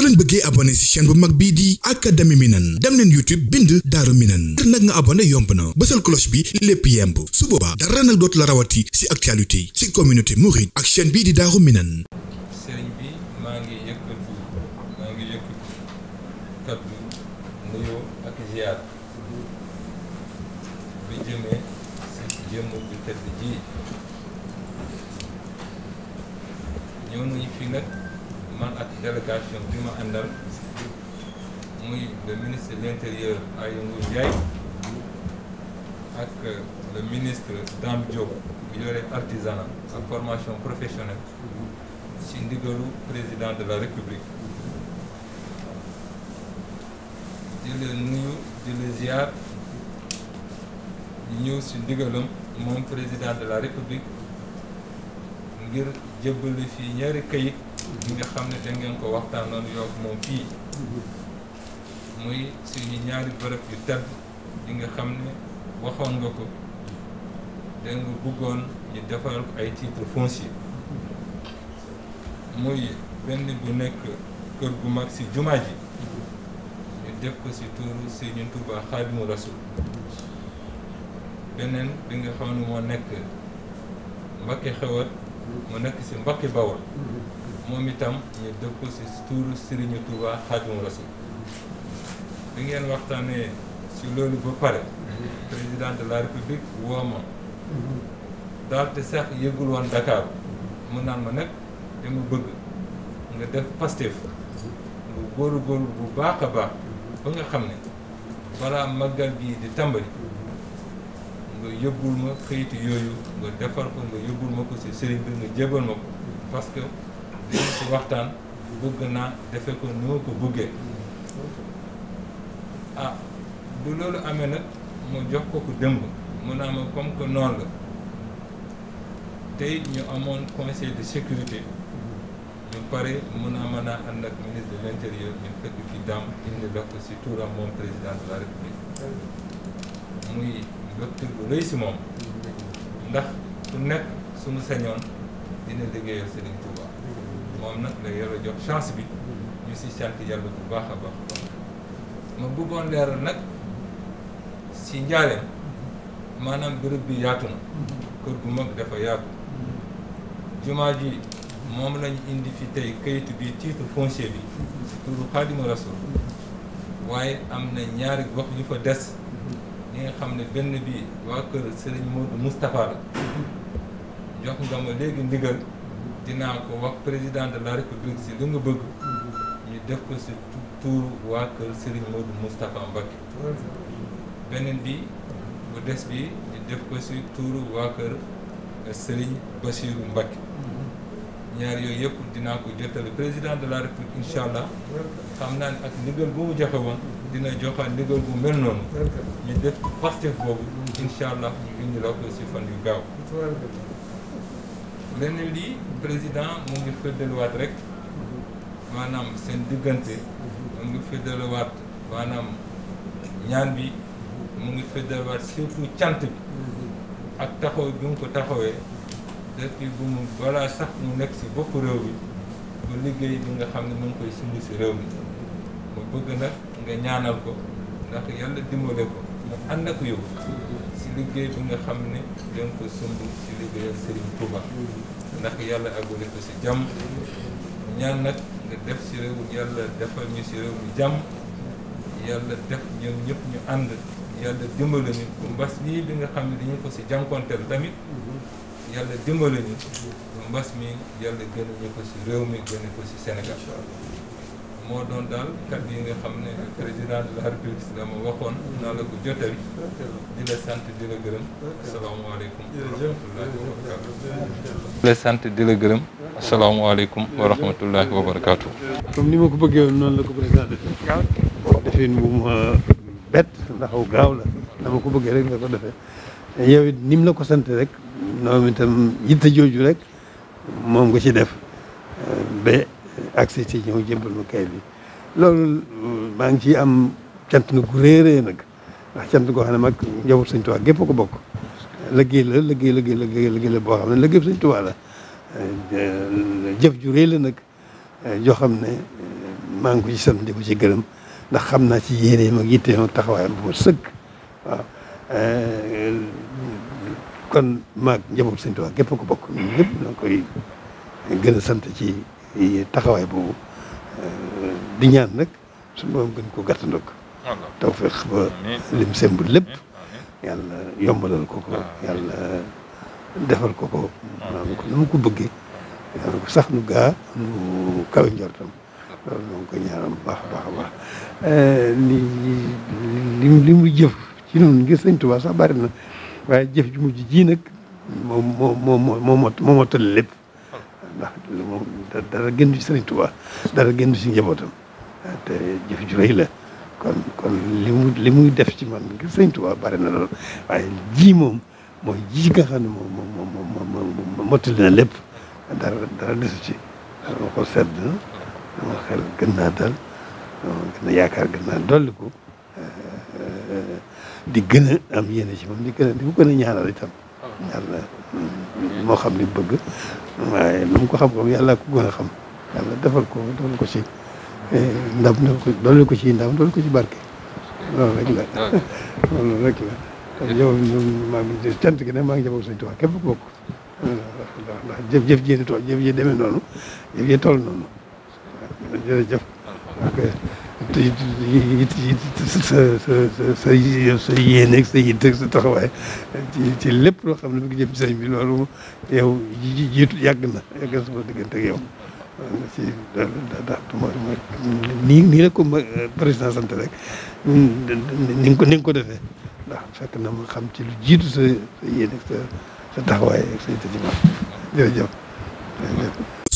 soo bëggee abonné ci chaîne bu mag bii di académie Minane dem leen YouTube bind Daaru Minane nag nga abonné yomb na bësal cloche bi lépp yemb su boobaa dara nag dootu la rawati ci actualité ci communauté mouride ak chaîne bii di Daaru ci jëmm ju tedd ji man ak délégation bi ma àndal muy le ministre de l'intérieur Aly Ngouille Ndiaye ak le ministre Dame Diop mi yore artisanat ak formation professionnelle ci ndigalu président de la république di la nuyu di la ziar ñëw ci ndigalam moom président de la république ngir jébbali fii ñaari këyit yi nga xam ne da ngeen ko waxtaanoon yoog moom fii muy suñu ñaari bërëb yu tedd yi nga xam ne waxoon nga ko da nga bëggoon ñu defaral ko ay titre foncier muy benn bu nekk kër gu mag si jumaa ji ñu def ko si tuuru Sëriñ Tuubaa Xaadimu Rasuul beneen bi nga xam ne moo nekk Mbakke xewat mu nekk si mbokki bawol moom itam ñu def ko si tuuru Serigne Touba Xaadimu Rasuul bi ngeen waxtaanee ci loolu ba pare président de la république woo ma daal te sax yëgul woon Dakar mu naan ma nag dama bëgg nga def Pastef nga góorgóorlu bu baax a baax ba nga xam ne balaa màggal gii di tàmbali nga yóbbul ma xëyit yooyu nga defar ko nga yóbbul ma ko si sëriñ bi nga jébal ma ko parce que dina si waxtaan bëgg naa defe ko ni ko bëggee ah bu loolu amee nag mu jox ko ko dëmb mu naa ma comme que noonu la tey ñu amoon conseil de sécurité ñu pare mun a mën a ànd ak ministre de l' ñu fekk fi daam indi la ko si turam moom président de la république muy mbégte bu rëy si moom ndax su nekk suñu sañoon dina liggéeyal Serigne Touba moom nag la yàlla jox chance bi ñu si sant yàlla bu baax a baax ma bëggoon leer nag si njaareem maanaam bërëb bi yaatu kër gu mag dafa yaatu jumaa ji moom lañu indi fi tey kayitu bi titre foncier bi si turu Xaadimu Rasuul waaye am na ñaari gox yu fa des li nga xam ne benn bi waa kër Serigne Modou Moustapha la jox nga ma léegi ndigal dinaa ko wax président de la république si li nga bëgg ñu def ko si tuur waa kër Serigne Modou Moustapha Mbacké beneen bi bu des bi ñu def ko si tuuru waa kër Serigne Bassirou Mbacké ñaar yooyu yëpp dinaa ko jottale président de la république incha allah xam naa ne ak ndigal bu mu joxe woon dina joxaat ndigal bu mel noonu ñu def pastef boobu incha allah ñu indi la ko si fan yu gaaw leneen lii président mu ngi fëddaluwaat rek maanaam seen diggante mu ngi fëddaluwaat maanaam ñaan bi mu ngi fëddaluwaat surtout cant bi ak taxaw bi mu ko taxawee depuis bu mu balaa sax mu nekk si bopp réew bi bu liggéey bi nga xam ne mu ngi koy sindi si réew mi mu bëgg nag nga ñaanal ko ndax yàlla dimbale ko mu ànd ak yow si liggéey bi nga xam ne da ko sumb si liggéeyal Serigne Touba ndax yàlla agule ko si jàmm ñaan nag nga def si réew yàlla defal ñu si réew mi jàmm yàlla def ñëpp ñu ànd yàlla dimbale ñu bu mbas mii bi nga xam ne dañu ko si jànkonteel tamit yàlla dimbale ñu bu mbas mi yàlla gën ñu ko si réew mi gën ko si Sénégal moo doon daal kàddu yi nga xam ne président de la république dama waxoon naa la ko jotal di la sant di la gërëm asalaamaaleykum wa rahmatullahi wa barakaatu di ni ma ko bëggee woon noonu la ko président defee defin bu ma bett ndax gaaw la dama ko bëggee rek la ko defee yow ni mu la ko sant rek noonu itam yitte jooju rek moom nga ci def euh, accès ci ñëw jébbal ma kayit bi loolu maa ngi ciy am cant nu gu réeree nag ndax cant goo xam ne mag njaboot Sëñ Tuubaa gépp ko bokk liggéey la liggéey liggéey liggéey boo xam ne liggéey Sëñ Tuubaa eh, ju réy nag eh, joo xam ne eh, maa ngi ko ci sant di ci gërëm ndax xam naa ci yéeneem ak yitteem ak taxawaayam bu sëg sëkk waaw kon maag njaboot Sëñ Tuubaa gépp ko bokk ñun ñëpp na koy gën sant ci taxawaay bu euh, di ñaan nag suñu gën ko gàttandoo ko. taw feex ba lim semb lépp. yàlla yombalal ko ko yàlla defal ko ko. maanaam ko na sax nu gaa nu kaw njortam. loolu ko ñaanal bu baax a baax a baax euh, li mu jëf ci noonu ngir sëñ Tuubaa sax na waaye jëf ju mujj ji nag moom moo moo lépp. ndax moom dara génn ci Sëriñ Tuubaa dara génn ci njabootam te jëf ju la kon li mu li muy def ci man ngir Sëriñ Tuubaa bare na lool waaye ji moom mooy ji nga xam ne moom moom moom moom mottali na lépp dara ci dama ko sedd dama gën naa dal dama gën a yaakaar gën naa dolliku di gën am yéene ci moom di gën di ko gën ñaanal itam ñaanal ah. moo xam li bëgg waaye lu ko xam ko yàlla ko gën a xam yàlla defal ko eh, dool ko ci ndam dool ko ci ndam dool ko ci barke loolu rek la loolu rek la kon yow maa ngi cant gi ne maa ngi jabog Sëñ Tuubaa képp ku bokk ndax jëf jëf ji di tool demee noonu jëf ji toll noonu jërëjëf te it sa sa sa sa yéeneeg sa yitteeg sa taxawaay ci ci lépp loo xam ne mu jëm ci sëñ bi loolu yow jiitu yàgg na yàgg na sama diggante ak yow si daal nii la ko président sant rek ni nga ko ni nga ko defee ndax fekk na ma xam ci lu jiitu sa sa sa sa taxawaay ak sa yitte ci ma jërëjëf jërëjëf